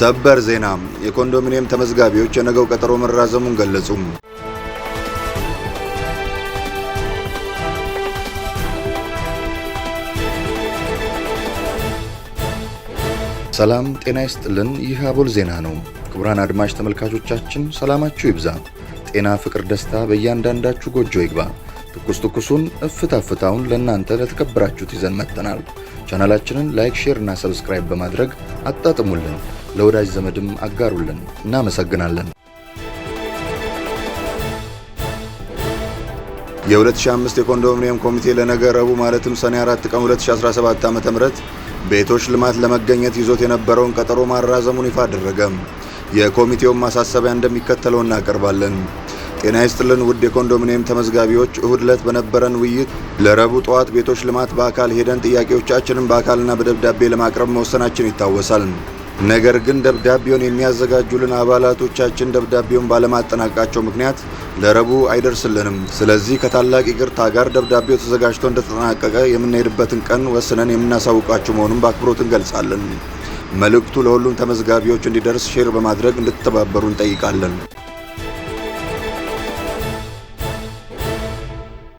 ሰበር ዜና! የኮንዶሚኒየም ተመዝጋቢዎች የነገው ቀጠሮ መራዘሙን ገለጹ። ሰላም ጤና ይስጥልን። ይህ አቦል ዜና ነው። ክቡራን አድማጭ ተመልካቾቻችን ሰላማችሁ ይብዛ፣ ጤና፣ ፍቅር፣ ደስታ በእያንዳንዳችሁ ጎጆ ይግባ። ትኩስ ትኩሱን እፍታ ፍታውን ለእናንተ ለተከበራችሁት ይዘን መጥተናል። ቻናላችንን ላይክ፣ ሼር እና ሰብስክራይብ በማድረግ አጣጥሙልን፣ ለወዳጅ ዘመድም አጋሩልን። እናመሰግናለን። የ2005 የኮንዶሚኒየም ኮሚቴ ለነገ ረቡዕ ማለትም ሰኔ 4 ቀን 2017 ዓ.ም ቤቶች ልማት ለመገኘት ይዞት የነበረውን ቀጠሮ ማራዘሙን ይፋ አደረገ። የኮሚቴውን ማሳሰቢያ እንደሚከተለው እናቀርባለን። ጤና ይስጥልን ውድ የኮንዶሚኒየም ተመዝጋቢዎች፣ እሁድ ዕለት በነበረን ውይይት ለረቡዕ ጠዋት ቤቶች ልማት በአካል ሄደን ጥያቄዎቻችንን በአካልና በደብዳቤ ለማቅረብ መወሰናችን ይታወሳል። ነገር ግን ደብዳቤውን የሚያዘጋጁልን አባላቶቻችን ደብዳቤውን ባለማጠናቀቃቸው ምክንያት ለረቡዕ አይደርስልንም። ስለዚህ ከታላቅ ይቅርታ ጋር ደብዳቤው ተዘጋጅቶ እንደተጠናቀቀ የምንሄድበትን ቀን ወስነን የምናሳውቃችሁ መሆኑን በአክብሮት እንገልጻለን። መልእክቱ ለሁሉም ተመዝጋቢዎች እንዲደርስ ሼር በማድረግ እንድትተባበሩ እንጠይቃለን።